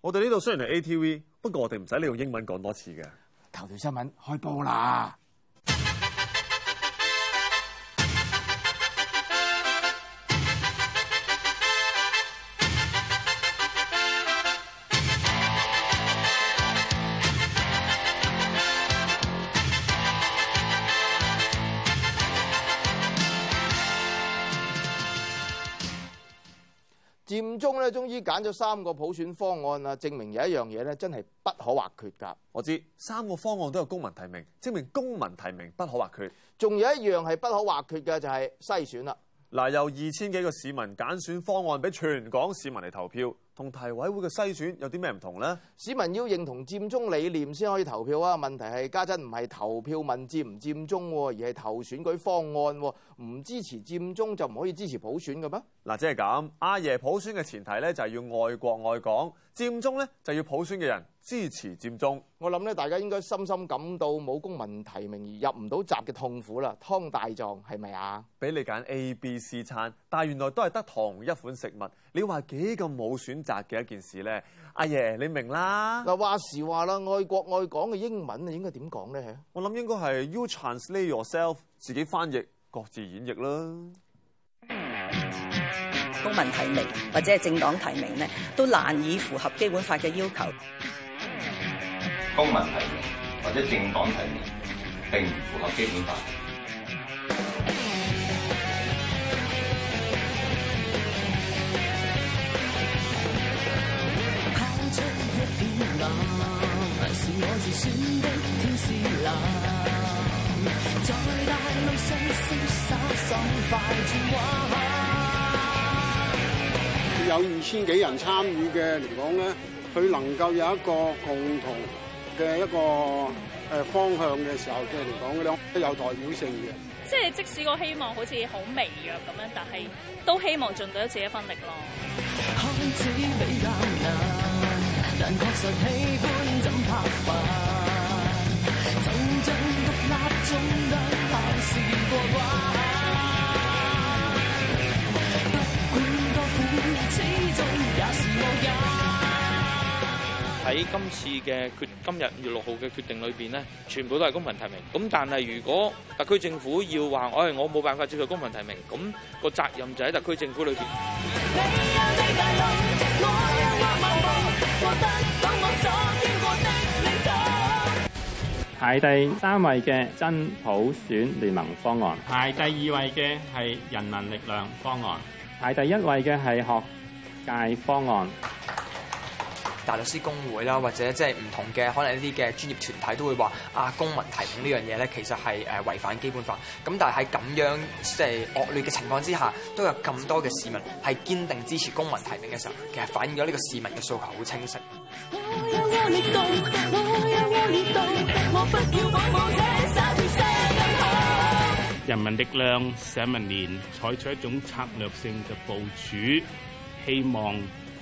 我哋呢度雖然係 ATV，不過我哋唔使你用英文講多次㗎。頭條新聞開播啦！終於揀咗三個普選方案啦，證明有一樣嘢咧，真係不可或缺㗎。我知三個方案都有公民提名，證明公民提名不可或缺。仲有一樣係不可或缺嘅就係篩選啦。嗱，有二千幾個市民揀選方案俾全港市民嚟投票，同提委會嘅篩選有啲咩唔同咧？市民要認同佔中理念先可以投票啊。問題係家陣唔係投票問佔唔佔中喎，而係投選舉方案喎。唔支持佔中就唔可以支持普選嘅咩？嗱，即係咁，阿爺普選嘅前提咧就係要愛國愛港，佔中咧就要普選嘅人支持佔中。我諗咧，大家應該深深感到冇公民提名而入唔到閘嘅痛苦啦，湯大狀係咪啊？俾你揀 A、B、C 餐，但原來都係得同一款食物，你話幾咁冇選擇嘅一件事咧？阿爺，你明啦？嗱，話時話啦，愛國愛港嘅英文你應該點講咧？我諗應該係 You translate yourself 自己翻譯。各自演繹啦。公民提名或者係政黨提名呢，都難以符合基本法嘅要求。公民提名或者政黨提名並唔符合基本法。在大手上快，快有二千幾人參與嘅嚟講咧，佢能夠有一個共同嘅一個誒方向嘅時候嘅嚟講咧，都有代表性嘅。即係即使個希望好似好微弱咁樣，但係都希望盡到自己一份力咯。比較難，但確實喜歡，怎拍喺今次嘅決今日五月六號嘅決定裏邊咧，全部都係公民提名。咁但係如果特區政府要話，哎我冇辦法接受公民提名，咁個責任就喺特區政府裏邊。排第三位嘅真普選聯盟方案，排第二位嘅係人民力量方案，排第一位嘅係學界方案。大律師公會啦，或者即係唔同嘅可能一啲嘅專業團體都會話：啊，公民提名呢樣嘢咧，其實係誒違反基本法。咁但係喺咁樣即係、就是、惡劣嘅情況之下，都有咁多嘅市民係堅定支持公民提名嘅時候，其實反映咗呢個市民嘅訴求好清晰。我我我不要抱抱人民力量社民連，採取一種策略性嘅部署，希望。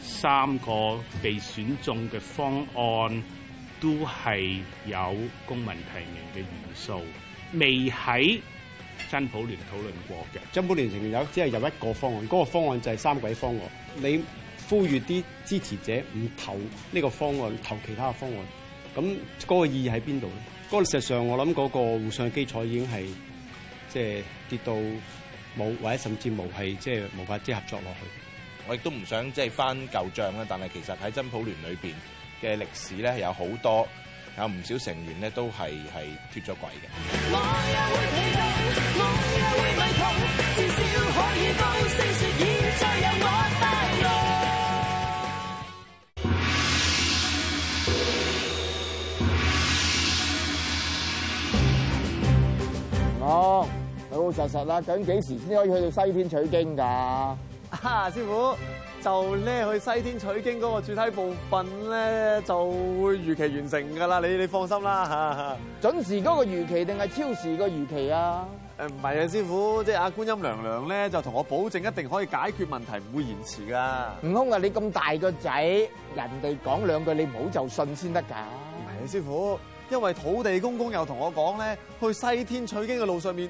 三個被選中嘅方案都係有公民提名嘅元素，未喺真普聯討論過嘅。真普聯曾經有即係、就是、有一個方案，嗰、那個方案就係三軌方案。你呼籲啲支持者唔投呢個方案，投其他方案，咁、那、嗰個意義喺邊度咧？嗰、那個事實上，我諗嗰個互信基礎已經係即係跌到冇，或者甚至冇係即係無法即係合作落去。我亦都唔想即係翻舊帳啦，但係其實喺真普聯裏面嘅歷史咧，有好多有唔少成員咧，都係係脫咗軌嘅。我，也會疲我也會迷至少可以，報四以有我大用、哦。老老實實啦，究竟幾時先可以去到西天取經㗎？哈、啊，師傅就咧去西天取經嗰個主體部分咧，就會如期完成㗎啦，你你放心啦。準時嗰個如期定係超時個如期啊？誒唔係啊，師傅，即係阿觀音娘娘咧就同我保證一定可以解決問題，唔會延遲㗎。悟空啊，你咁大個仔，人哋講兩句你唔好就信先得㗎。唔係啊，師傅，因為土地公公又同我講咧，去西天取經嘅路上面，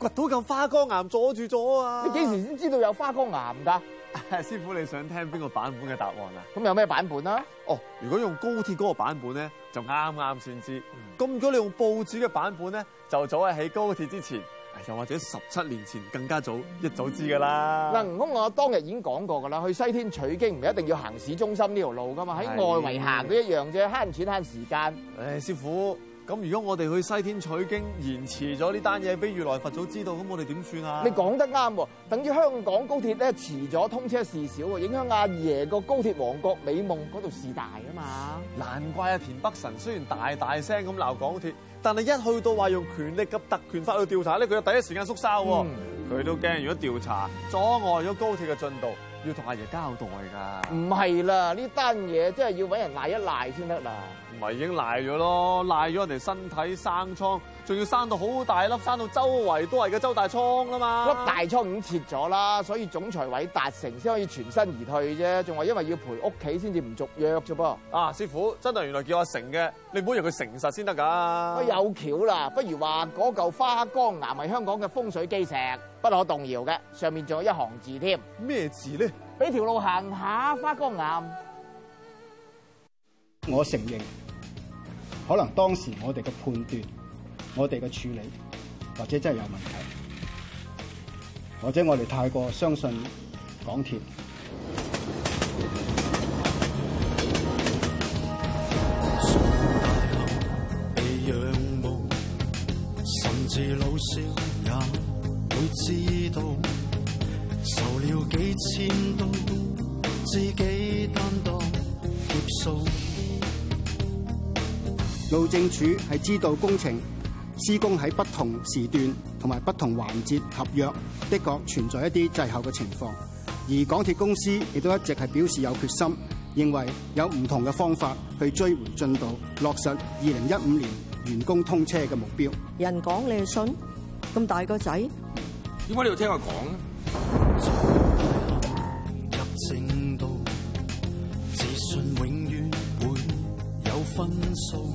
掘到嚿花崗岩阻住咗啊！你幾時先知道有花崗岩噶？ 師傅，你想聽邊個版本嘅答案啊？咁 有咩版本啊？哦，如果用高鐵嗰個版本咧，就啱啱先知。咁、嗯、如果你用報紙嘅版本咧，就早喺起高鐵之前，又或者十七年前更加早一早知噶啦。嗱，唔通我當日已經講過噶啦，去西天取經唔一定要行市中心呢條路噶嘛，喺外圍行都一樣啫，慳錢慳時間。誒、哎，師傅。咁如果我哋去西天取經延遲咗呢單嘢，俾如來佛祖知道，咁我哋點算啊？你講得啱喎，等於香港高鐵呢，遲咗通車事小，喎，影響阿爺個高鐵王國美夢嗰度事大啊嘛！難怪啊，田北辰雖然大大聲咁鬧港鐵，但係一去到話用權力及特權法去調查呢佢就第一時間縮沙喎，佢、嗯、都驚如果調查阻礙咗高鐵嘅進度。要同阿爺交代㗎，唔係啦，呢單嘢真係要揾人賴一賴先得啦，唔係已經賴咗咯，賴咗人哋身體生瘡。仲要生到好大粒，生到周圍都係嘅周大倉啦嘛！粒、那個、大倉已切咗啦，所以總裁韋達誠先可以全身而退啫。仲話因為要陪屋企先至唔續約啫噃。啊，師傅真係原來叫阿成嘅，你唔好嫌佢誠實先得㗎。有橋啦，不如話嗰嚿花崗岩係香港嘅風水基石，不可動搖嘅。上面仲有一行字添，咩字咧？俾條路行下花崗岩。我承認，可能當時我哋嘅判斷。我哋嘅處理或者真係有問題，或者我哋太過相信港鐵。路政署係知道工程施工喺不同時段同埋不同環節合約的確存在一啲滯後嘅情況，而港鐵公司亦都一直係表示有決心，認為有唔同嘅方法去追回進度，落實二零一五年完工通車嘅目標。人講你又信？咁大個仔，點解你要聽我講呢？入成都，自信永遠會有分數。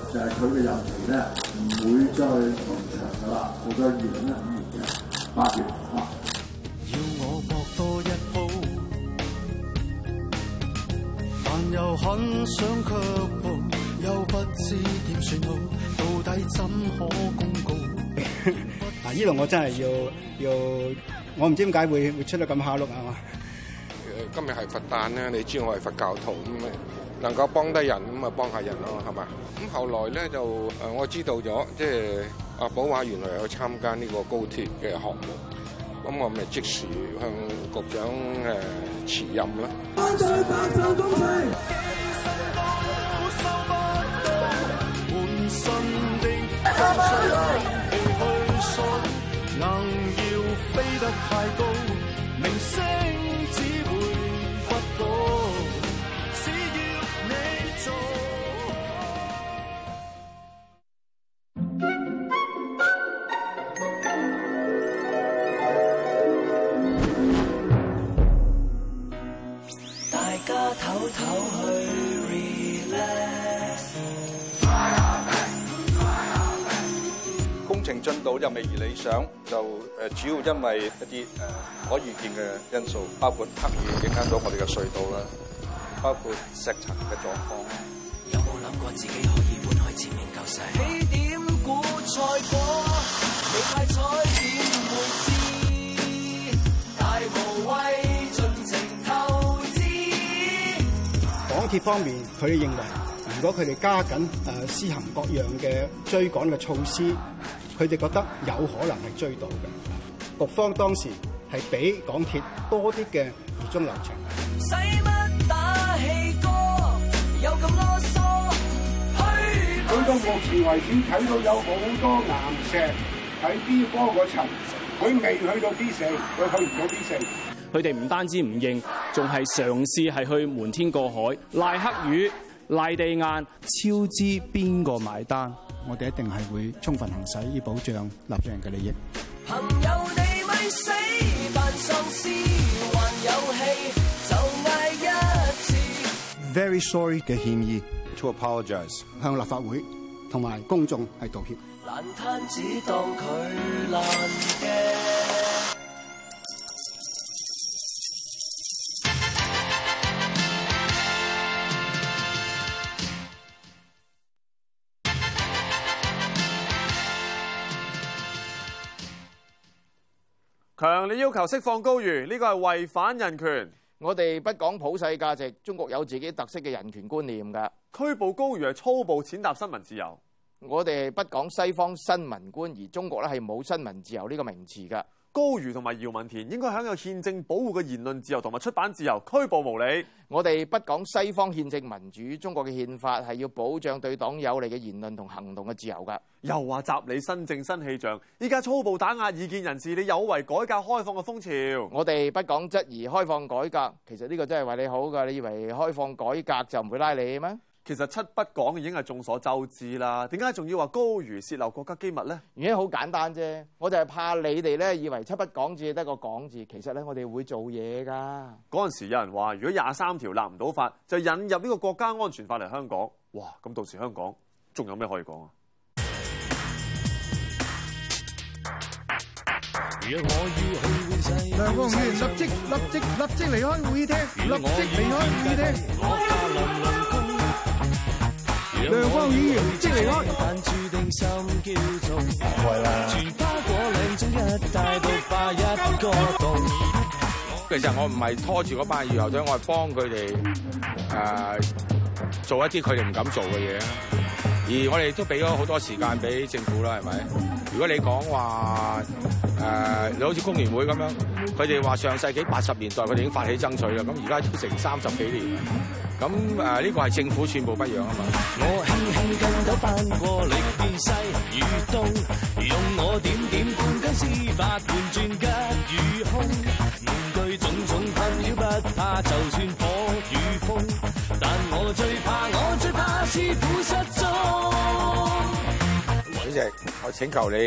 就係佢嘅任期呢，唔會再長噶啦，最多二年、五年嘅，八月啊！要我搏多一步，但又很想卻步，又不知點算好，到底怎可公告？啊！依輪、 啊、我真係要要，我唔知點解會會出到咁蝦碌啊嘛！今日係佛誕咧，你知我係佛教徒咁啊！能夠幫得人咁啊，幫下人咯，係咪？咁後來咧就誒我知道咗，即係阿寶話原來有參加呢個高鐵嘅項目，咁我咪即時向局長誒辭、呃、任咯。 到又未如理想，就誒主要因為一啲誒可預見嘅因素，包括黑雨影響到我哋嘅隧道啦，包括石層嘅狀況。有冇諗過自己可以搬開前面舊世？起點估賽果未派彩點會知？大無畏盡情透支。港鐵方面，佢哋認為如果佢哋加緊誒施行各樣嘅追趕嘅措施。佢哋覺得有可能係追到嘅，局方當時係比港鐵多啲嘅預中流程。去到目前為止睇到有好多岩石喺 B 多個層，佢未去到 B 四，佢去唔到 B 四。佢哋唔單止唔認，仲係嘗試係去瞞天過海，賴黑雨、賴地硬，超支邊個買單？我哋一定係會充分行使以保障立法人嘅利益。朋友，你咪死扮喪屍，還有戲，就嗌一次。Very sorry 嘅歉意，to apologise 向立法會同埋公眾係道歉。爛攤子當佢爛嘅。強烈要求釋放高瑜，呢、這個係違反人權。我哋不講普世價值，中國有自己特色嘅人權觀念㗎。拘捕高瑜係粗暴踐踏新聞自由。我哋不講西方新聞觀，而中國是係冇新聞自由呢個名詞㗎。高瑜同埋姚文田應該享有憲政保護嘅言論自由同埋出版自由，拘捕無理。我哋不講西方憲政民主，中國嘅憲法係要保障對黨有利嘅言論同行動嘅自由㗎。又話習你新政新氣象，依家粗暴打壓異見人士，你有違改革開放嘅風潮。我哋不講質疑開放改革，其實呢個真係為你好㗎。你以為開放改革就唔會拉你咩？其實七不講已經係眾所周知啦，點解仲要話高瑜泄漏國家機密咧？原因好簡單啫，我就係怕你哋咧以為七不講只係得個講字，其實咧我哋會做嘢噶。嗰陣時有人話，如果廿三條立唔到法，就引入呢個國家安全法嚟香港，哇！咁到時香港仲有咩可以講啊？如果特工員立即立即立即離開會議廳，立即離開會議廳。兩方雨即離開，但注定心焦躁。全一到一洞。其實我唔係拖住嗰班預後生，我係幫佢哋誒做一啲佢哋唔敢做嘅嘢。而我哋都俾咗好多時間俾政府啦，係咪？如果你講話、呃、你好似工聯會咁樣，佢哋話上世紀八十年代佢哋已經發起爭取啦，咁而家都成三十幾年。咁誒呢個係政府全部不養啊嘛！我輕輕筋斗翻過嚟，變西與東，用我點點半斤四兩，轉吉與凶，面對種種困擾，不怕就算火與風，但我最怕我最怕師傅失蹤。黃小姐，我請求你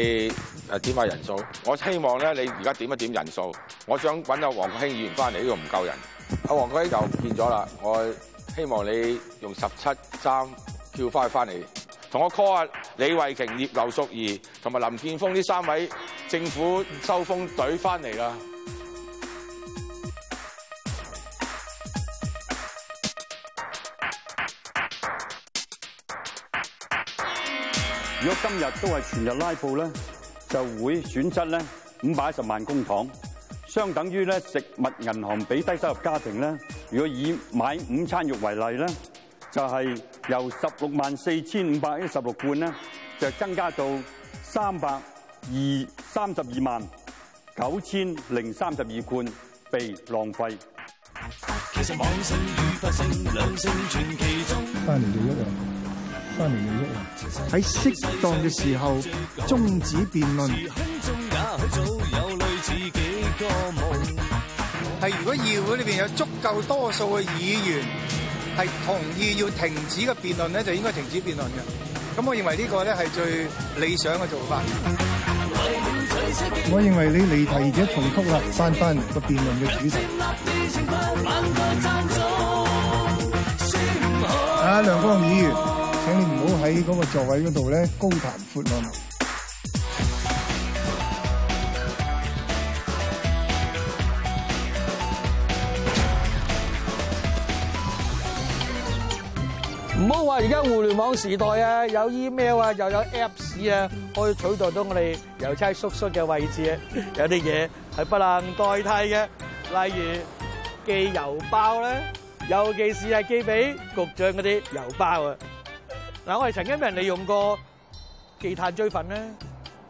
誒點下人數。我希望咧，你而家點一點人數。我想揾阿黃國興議員翻嚟，呢個唔夠人。阿黃國興又變咗啦，我。希望你用十七三叫翻翻嚟，同我 call 下李慧瓊、葉劉淑儀同埋林建峰呢三位政府收風隊翻嚟啦！如果今日都係全日拉布咧，就會損失咧五百一十萬公帑，相等於咧食物銀行俾低收入家庭咧。如果以買午餐肉為例咧，就係由十六萬四千五百一十六罐咧，就增加到三百二三十二萬九千零三十二罐被浪費。翻嚟就一樣，翻嚟就一樣。喺適當嘅時候終止辯論。係，如果議會裏邊有足夠多數嘅議員係同意要停止嘅辯論咧，就應該停止辯論嘅。咁我認為呢個咧係最理想嘅做法。我認為你離題而且重複啦，返返嚟個辯論嘅主題。啊，梁國雄議員，請你唔好喺嗰個座位嗰度咧，高談闊論。我話而家互聯網時代啊，有 email 啊，又有 apps 啊，可以取代到我哋郵差叔叔嘅位置啊。有啲嘢係不能代替嘅，例如寄郵包咧，尤其是係寄俾局長嗰啲郵包啊。嗱，我係曾經俾人利用過寄炭疽粉啦，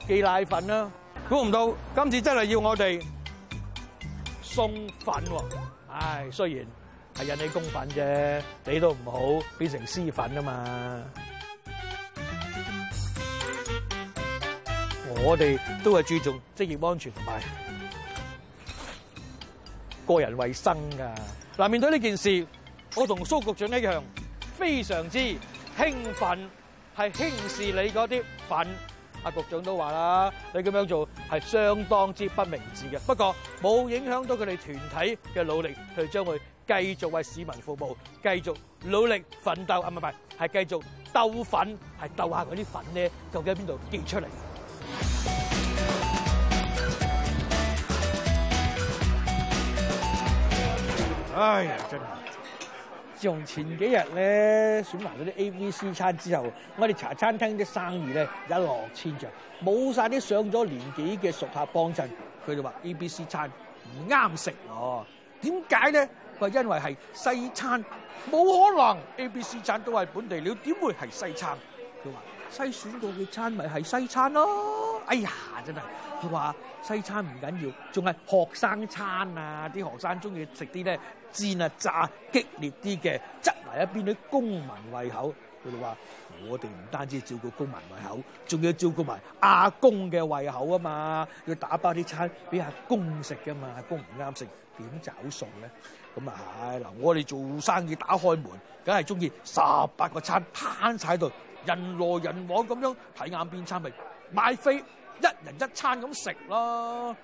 寄奶粉啦。估唔到今次真係要我哋送粉喎，唉，雖然。係引起公憤啫，你都唔好變成私憤啊嘛。我哋都係注重職業安全同埋個人衛生噶。嗱，面對呢件事，我同蘇局長一樣，非常之興奮，係輕視你嗰啲憤。阿局長都話啦，你咁樣做係相當之不明智嘅，不過冇影響到佢哋團體嘅努力，佢哋將會，繼續為市民服務，繼續努力奮鬥。啊，唔係唔係，係繼續鬥粉，係鬥下嗰啲粉咧。究竟喺邊度結出嚟？哎呀！真係自從前幾日咧選埋嗰啲 A、B、C 餐之後，我哋茶餐廳啲生意咧一落千丈，冇晒啲上咗年紀嘅熟客幫襯。佢哋話 A、B、C 餐唔啱食哦，點解咧？佢因為係西餐，冇可能 A B C 餐都係本地料，點會係西餐？佢話篩選到嘅餐咪係西餐咯。哎呀，真係！佢話西餐唔緊要，仲係學生餐啊！啲學生中意食啲咧煎啊炸啊激烈啲嘅，側埋一邊啲公民胃口。佢哋話：我哋唔單止照顧公民胃口，仲要照顧埋阿公嘅胃口啊嘛！要打包啲餐俾阿公食嘅嘛，阿公唔啱食點找數咧？咁啊唉嗱，我哋做生意打開門，梗係中意十八個餐攤曬度，人來人往咁樣睇眼邊餐咪買飛一人一餐咁食咯。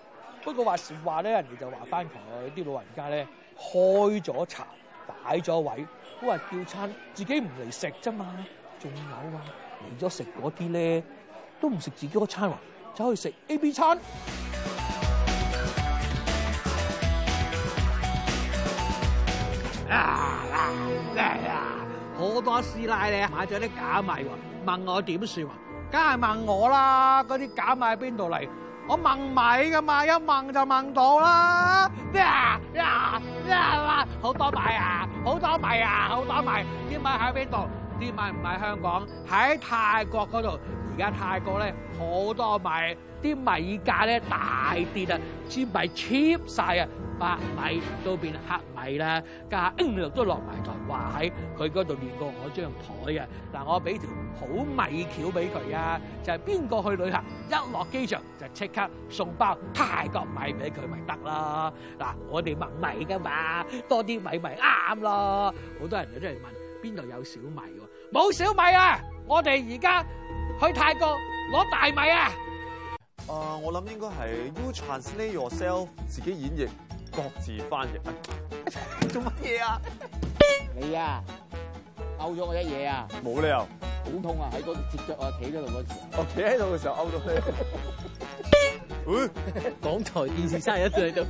不過話時話咧，人哋就話翻佢啲老人家咧，開咗茶擺咗位。都話叫餐，自己唔嚟食啫嘛。仲有啊，嚟咗食嗰啲咧，都唔食自己嗰餐喎，走去食 A B 餐。啊啊啊、好多師奶咧，買咗啲假米喎，問我點算啊？梗係問我啦，嗰啲假米喺邊度嚟？我問米㗎嘛，一問就問到啦！呀呀呀好多米啊，好多米啊，好多米！啲米喺邊度？啲米唔喺香港，喺泰國嗰度。而家泰國咧好多米，啲米價咧大跌啊，先唔 cheap 晒，啊，白米都變黑米啦。家下都落埋台話喺佢嗰度練過我張台啊。嗱，我俾條好米橋俾佢啊，就係邊個去旅行一落機場就即刻送包泰國米俾佢咪得囉？嗱，我哋問米㗎嘛，多啲米咪啱咯。好多人有啲嚟問邊度有小米喎？冇小米啊！我哋而家。去泰國攞大米啊！啊、呃，我諗應該係 you translate yourself，自己演繹，各自翻譯。做乜嘢啊？你啊，勾咗我一嘢啊！冇理由，好痛啊！喺嗰度接著我，企嗰度嗰時，我企喺度嘅時候勾咗你了、 哎。港台電視三十一喺度。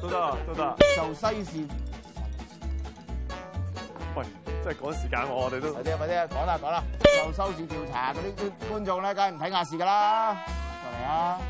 都得啊，都得。就西線。即係趕時間喎，我哋都快啲啊！快啲啊！趕啦，趕啦！又收視調查嗰啲觀眾呢，梗係唔睇亞視㗎啦，係咪啊？